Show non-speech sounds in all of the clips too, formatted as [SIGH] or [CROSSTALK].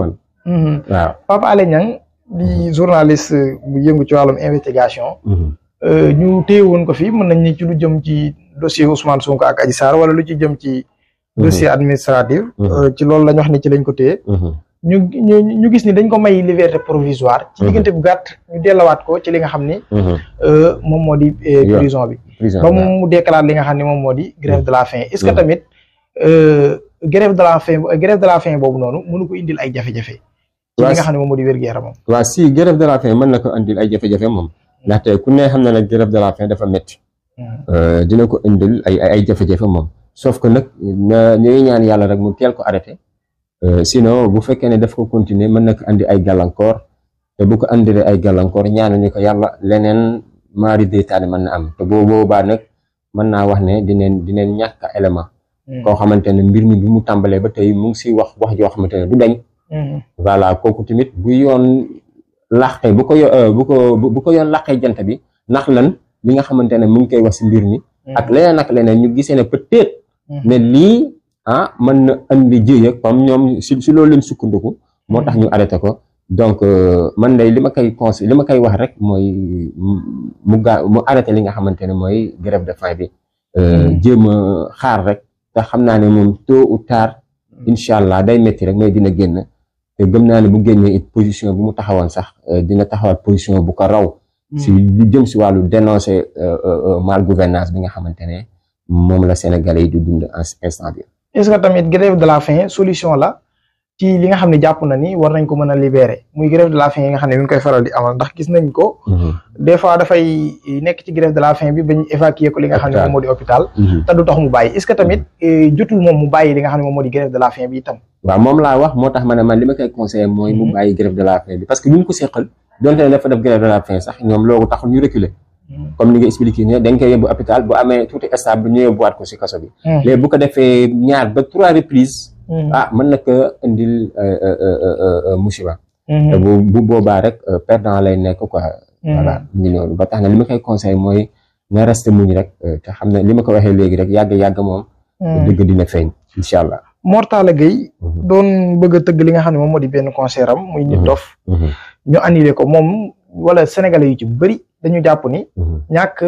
man mm-hmm. waaw Pape Alé Niang di mm-hmm. journaliste bu yëngu ci wàllum investigation mm-hmm. euh, ñu téye woon ko fi mën nañ ni ci lu jëm ci dossier Ousmane Sonko ak Adji Sarr wala lu ci jëm ci dossier administratif euh, ci lool lañ wax ni ci lañ ko téye ñu ñu ñu gis ni dañ ko may liberté provisoire ci diggante bu gàtt ñu dellawaat ko ci li nga xam ni moom moo di prison bi ba mu déclare li nga xam ne moom moo di grève de la faim est tamit Euh, grève de la faim grève de la faim boobu noonu mënu ko indil ay jafe-jafe. ci li nga xam ne moom moo di wér-gu-yaramam. waaw si grève de la faim mën na ko indil ay jafe-jafe moom ndaxte ku ne na ne grève de la faim dafa métti. Hmm. Euh, dina ko indil ay ay jafe-jafe moom sauf nag na ñuy ñaan yàlla rek mu teel ko arrêté euh, sinon bu fekkee ne daf ko continuer mën na ko andi ay gàllankoor te bu ko andilee ay gàllankoor ñaanuñu ko yàlla leneen maari deytaane mën na am te boo boobaa nag mën naa wax ne dinañ dinañ ñàkk élément Mm. koo xamante ne mbir mi bi mu tàmbalee ba tey mu ngi si wax wax joo xamante ne du dañ mm. voilà kooku tamit bu yoon laqee bu ko euh, bu ko bu ko yoon laqee jant bi ndax lan li nga xamante ne mu ngi koy wax si mbir mi mm. ak leneen ak leneen ñu gisee ne peut-être ne lii ah mën na comme ñoom si si loolu leen sukkandiku moo tax ñu arrêté ko donc euh, man day li ma koy conseil li ma koy wax rek mooy mu gaa mu arrêté li nga xamante ne mooy grève de faim bi euh, jéem a xaar rek te xam naa ne moom tôt ou tard hmm. incha allah day métti rek mais dina génn te gëm naa ne bu génnee it position bu mu taxawoon sax euh, dina taxawaat position bu ka raw hmm. si lu jëm si wàllu dénoncer euh, euh, mal gouvernance bi nga xamante ne moom la Sénégalais yi di dund instant bi est que tamit grève de la faim solution la ci li nga xam ne jàpp na ni war nañ ko mën a libérer muy grève de la faim yi nga xam ne mi ngi koy faral di amal ndax gis nañ ko mhm. des fois dafay nekk ci grève de la faim bi bañ mhm. mhm. euh, waaw moom laa wax moo tax ma man li ma koy conseillé mooy mu bàyyi grève de la faim bi parce que ñu ngi ko donte ne dafa def grève de la faim sax ñoom loolu taxul ñu reculer comme ni nga expliqué ne dañ koy hôpital bu amee tuuti stable ñu yóbbuwaat ko si kaso bi Hmm. ah mën na ko indil euh, euh, euh, musiba hmm. te bu bu boobaa rek perdant lay nekk quoi hmm. voilà ñi loolu ba tax na li ma koy conseil mooy na reste muñ rek te xam ne li ma ko waxee léegi rek yàgg-yàgg moom dëgg dina feeñ incha allah Mortalla Gueye doon bëgg a tëgg li nga xam ne moom moo di benn concert am ñu nit dof ñu annulé ko moom wala sénégalais yu ci bëri dañu jàpp ni ñàkk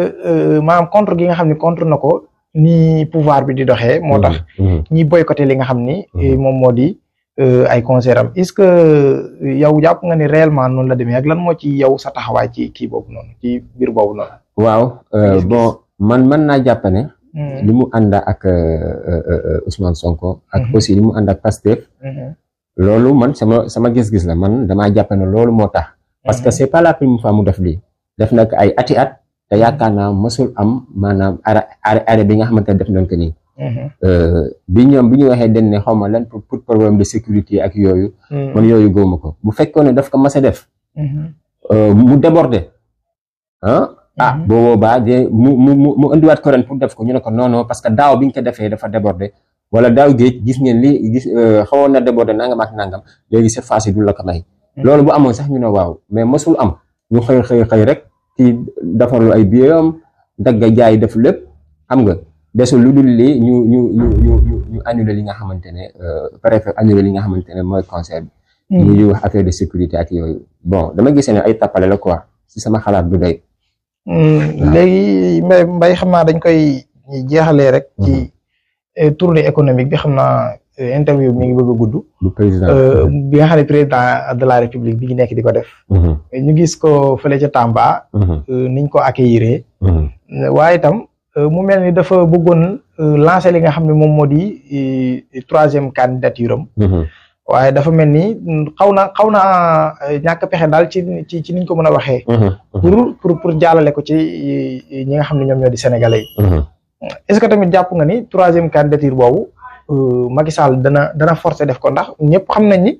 maanaam contre gi nga xam ne contre na ko ni pouvoir bi di doxee. moo tax mm-hmm. Mm-hmm. ñi boycotté li nga xam ni. Mm-hmm. Eh, moom moo di euh, ay concert est-ce que euh, yow jàpp nga ni réellement noonu la demee ak lan moo ci yow sa taxawaay ci kii boobu noonu ci biir boobu noonu. waaw euh, bon man man naa jàpp ne. li mu ànd ak Ousmane Sonko. ak aussi li mu ànd ak Pastef. loolu man sama sama gis-gis la man damaa jàpp ne loolu moo tax. parce que c'est pas la première fois mu def lii def nag ay ati at. te yaakaar naa mësul am maanaam arrêt arrêt bi nga xamante ne def nañ ko nii. Mm-hmm. Euh, bi ñoom bi ñu waxee dañ ne xaw ma lan pour problème de sécurité ak yooyu. Mm-hmm. man yooyu ma ko bu fekkoon ne daf ko mas a def. Mm-hmm. Euh, mu débordé ah. ah boo boobaa de mu mu mu mu indiwaat ko ren pour def ko ñu ne ko non parce que daaw bi ñu ko defee dafa débordé wala daaw géej gis ngeen li gis euh, xawoon na débordé nangam ak nangam léegi cette fois-ci du loolu bu amoon sax ñu ne waaw mais mësul am ñu xëy xëy xëy rek. kii defarul ay biiram dagg jaay def lépp xam nga desul lu dul lii ñu ñu ñu ñu ñu annulé li nga xamante ne euh, préfet annulé li nga xamante ne mooy concert bi. Hmm. ñu ñuy affaire de sécurité ak yooyu bon dama gisee ne ay tappale la quoi si sama xalaat bu doy. Hmm. léegi mbay xam naa dañ koy jeexalee rek. ci hmm. euh, tournée économique bi xam naa. interview bi mi ngi bëgg a gudd. du président euh, bi nga xam président de la république bi ñu nekk di ko def. Mm-hmm. ñu gis ko fële ca Tamba. Mm-hmm. Euh, niñ ko accueillir. Mm-hmm. waaye itam euh, mu mel ni dafa bëggoon lancer li nga xam ne moom moo di troisième candidature am. waaye dafa mel ni xaw na xaw na ñàkk pexe daal ci ci ci niñ ko mën a waxee. pour pour pour jàllale ko ci ñi nga xam ne ñoom ñoo di sénégalais yi. est-ce que tamit jàpp nga ni troisième candidature boobu. Euh, Macky Sall dana dana forcé def ko ndax ñëpp xam nañ ni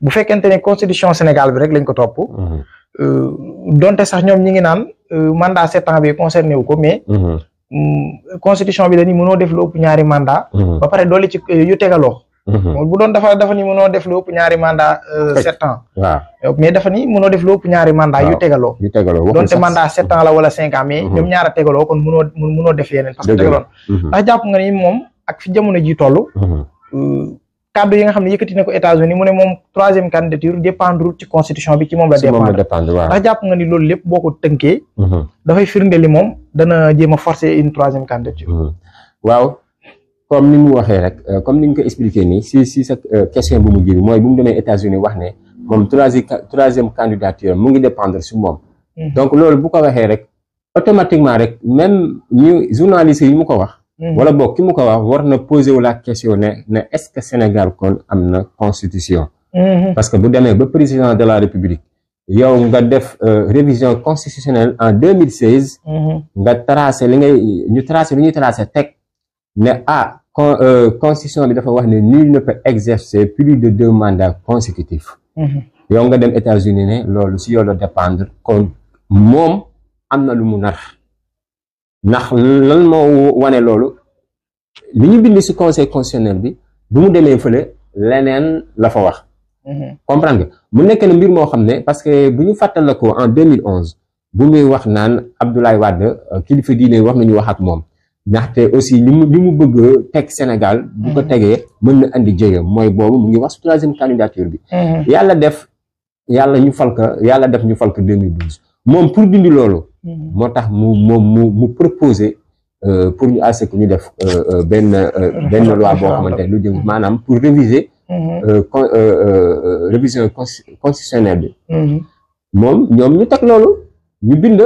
bu fekkente ne constitution Sénégal bi rek lañ ko topp. Mhm. Euh, donte sax ñoom ñi ngi naan euh, mandat sept ans bi concerné wu ko mais. Mhm. Mm, constitution bi dañuy mënoo def ëpp ñaari mandat mhm. ba pare doole ci yu tegaloo. bu doon dafa dafa ni mënoo def lu ëpp ñaari mandat sept ans. waaw mais dafa ni mënoo def lu ëpp ñaari mandat yu tegaloo. yu tegaloo donte mandat sept ans la wala cinq ans mais. ñoom ñaar a tegaloo kon mënoo mënoo def yeneen. parce que tegaloon ndax jàpp nga ni moom. ak fi jamono ji toll. Mhm. Euh, kaddu yi nga xam ne yëkkati na ko États-Unis mu ne moom troisième candidature dépendre ci constitution bi ci moom la. dépendre ndax jàpp nga ni loolu lépp boo ko tënkee. Mhm. dafay firnde li moom dana jéem a forcer une troisième candidature. Mhm. waaw comme ni mu waxee rek euh, comme ni nga ko expliqué nii si si sa euh, question bu mu jëriñ mooy bu mu demee États-Unis wax ne moom troisième troisième candidature mu ngi dépendre si moom. donc loolu bu ko waxee rek automatiquement rek même ñu journaliste yi mu ko wax. Mhm. wala boog ki mu ko wax war na posé wu la question ne ne est Sénégal kon am na constitution mhm. parce que bu demee ba président de la République yow nga def euh, révision constitutionnelle en 2016 mhm. nga tracé li nga ñu tracé li ñuy tracé teg ne ah euh, constitution bi dafa wax ne nul ne peut exercer plus de deux mandats consécutifs yow nga dem États-Unis ne loolu si yow la dépendre kon moom am na lu mu nar ndax lan moo wane loolu li ñu bind si conseil constitutionnel bi bu mu demee fële leneen la fa wax. Mhm. comprendre mu nekk ne mbir moo xam ne parce que bu ñu fàttalikoo en 2011 bu muy wax naan Abdoulaye Wade euh, kilifa diine wax nañu wax ak moom ndaxte aussi li mu li mu bëgg teg Sénégal. bu ko mhm. tegee mën na andi jëye mooy boobu mu ngi wax su troisième candidature bi. Mhm. yàlla def yàlla ñu fal yàlla def ñu fal ko moom pour dindi loolu. Mhm. moo tax mu moom mu mu proposer euh, pour ñu assez que ñu def euh, euh, benn benn loi boo xamante ne lu jëm mhm. maanaam pour réviser mhm. con révision constitutionnelle bi moom ñoom ñu teg loolu ñu bind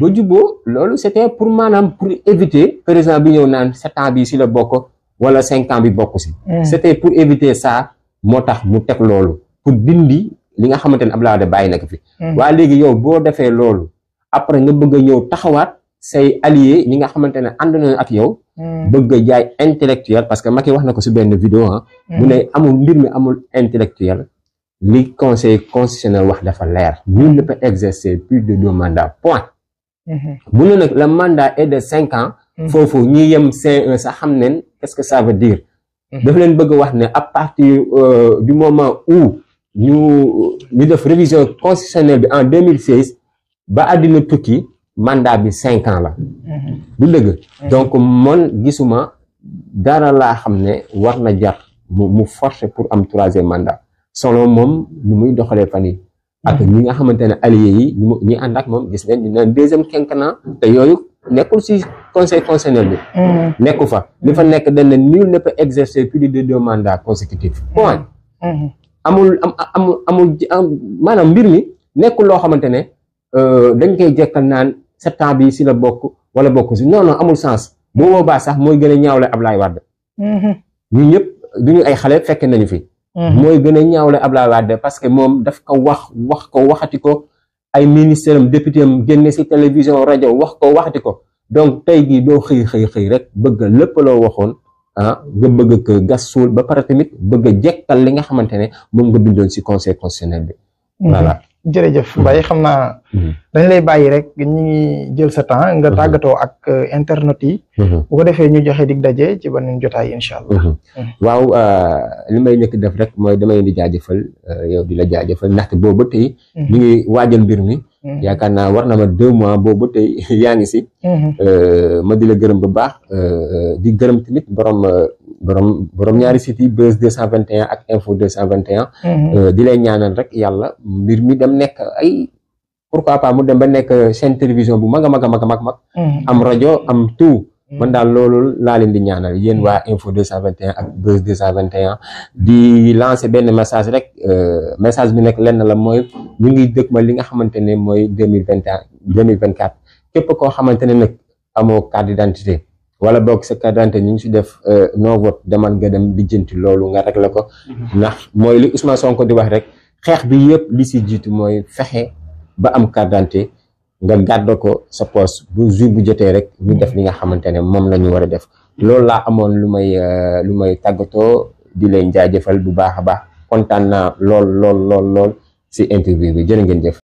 ba jubboo loolu c'était pour maanaam pour éviter président bi ñëw naan sept ans bi si la bokk wala cinq ans bi bokk si c'était pour éviter ça moo tax mu teg loolu pour dindi li nga xamante ne Abdoulaye Wade bàyyi na fi waaye léegi yow boo defee loolu après nga bëgg a ñëw taxawaat say allié ñi nga xamante ne ànd nañu ak yow. Hmm. bëgg a jaay intellectuel parce que Macky wax na ko si benn vidéo ah. Hmm. mu ne amul mbir mi amul intellectuel. li conseil constitutionnel wax dafa leer. nul ne peut exercer plus de deux mandats point. bu hmm. ne nag le mandat est de cinq ans. foofu ñi yem C1 xam nañ qu'est-ce que ça veut dire. dafa leen bëgg a wax ne à partir euh, du moment où ñu euh, ñu def révision constitutionnelle bi en 2016. ba àddina tukki mandat bi cinq ans la mhm. du dëgg mhm. donc man gisuma dara laa xam ne war na jar mu mu forcer pour am troisième mandat solo moom ni muy doxalee fan yi ak mhm. ñi nga xamante ne allié yi ñu ñi ànd ak moom gis nañ dina deuxième quinquennat yooyu nekkul ci conseil constitutionnel bi nekku fa li fa nekk dañ ne nul ne peut exercer plus de deux mandats consécutifs point amul amul maanaam mbir mi nekkul loo xamante ne Euh, dañ koy jekkal naan septembre bi si la bokk wala bokk si non non amul sens bu boobaa sax mooy gën a ñaawle Ablaye Wade mm-hmm. ñu ñëpp duñu ay xale fekk nañu fi mm-hmm. mooy gën a ñaawle Ablaye Wade parce que moom daf ko wax wax ko waxati ko ay ministère am député am génne si télévision rajo wax ko waxati ko donc tey jii doo xëy xëy xëy rek bëgg lépp loo waxoon ah nga bëgg ko gas ba pare tamit bëgg a jekkal li nga xamante ne moom nga bindoon si conseil constitutionnel bi mm-hmm. voilà jërëjëf Mbaye hmm. xam naa. Hmm. dañ lay bàyyi rek ñu ngi jël sa temps nga hmm. tàggatoo ak euh, internet yi. bu defee ñu joxe dig daje ci beneen jotaay incha allah. waaw euh, li may nekk def rek mooy damay di jaajëfal euh, yow di la jaajëfal ndaxte boobu ba tey. ñu ngi waajal mbir mi. yaakaar naa war na ma deux mois boobu tey [LAUGHS] yaa ngi si. ma di la gërëm bu baax di gërëm tamit borom borom borom ñaari sites yi Buzz 221 ak Info 221. Mhm. Euh, di lay ñaanal rek yàlla mbir mi dem nekk ay pourquoi mu dem ba nekk chaîne télévision bu mag a mag a mag a mhm. am rajo am tout. Mhm. man daal loolu laa leen di ñaanal yéen waa Info 221 ak Buzz 221 di lancer benn message rek euh, message bi nekk lenn la mooy ñu ngi dëkk ma li nga xamante ne mooy deux mille vingt et un deux quatre képp koo xamante ne nag amoo carte d'identité wala boog sa carte d'identité ñu ngi si def euh, non vote demal nga dem lijjanti loolu nga rek la ko mhm. ndax mooy li Ousmane Sonko di wax rek xeex bi yëpp li si jiitu mooy fexe ba am carte d'identité nga gàdda ko sa poche bu jour bu jotee rek ñu def li nga xamante ne moom la ñu war a def loolu laa amoon lu may euh, lu may tàggatoo di lay jaajëfal bu baax a baax kontaan naa lool lool lool si interview bi jërë ngeen jëf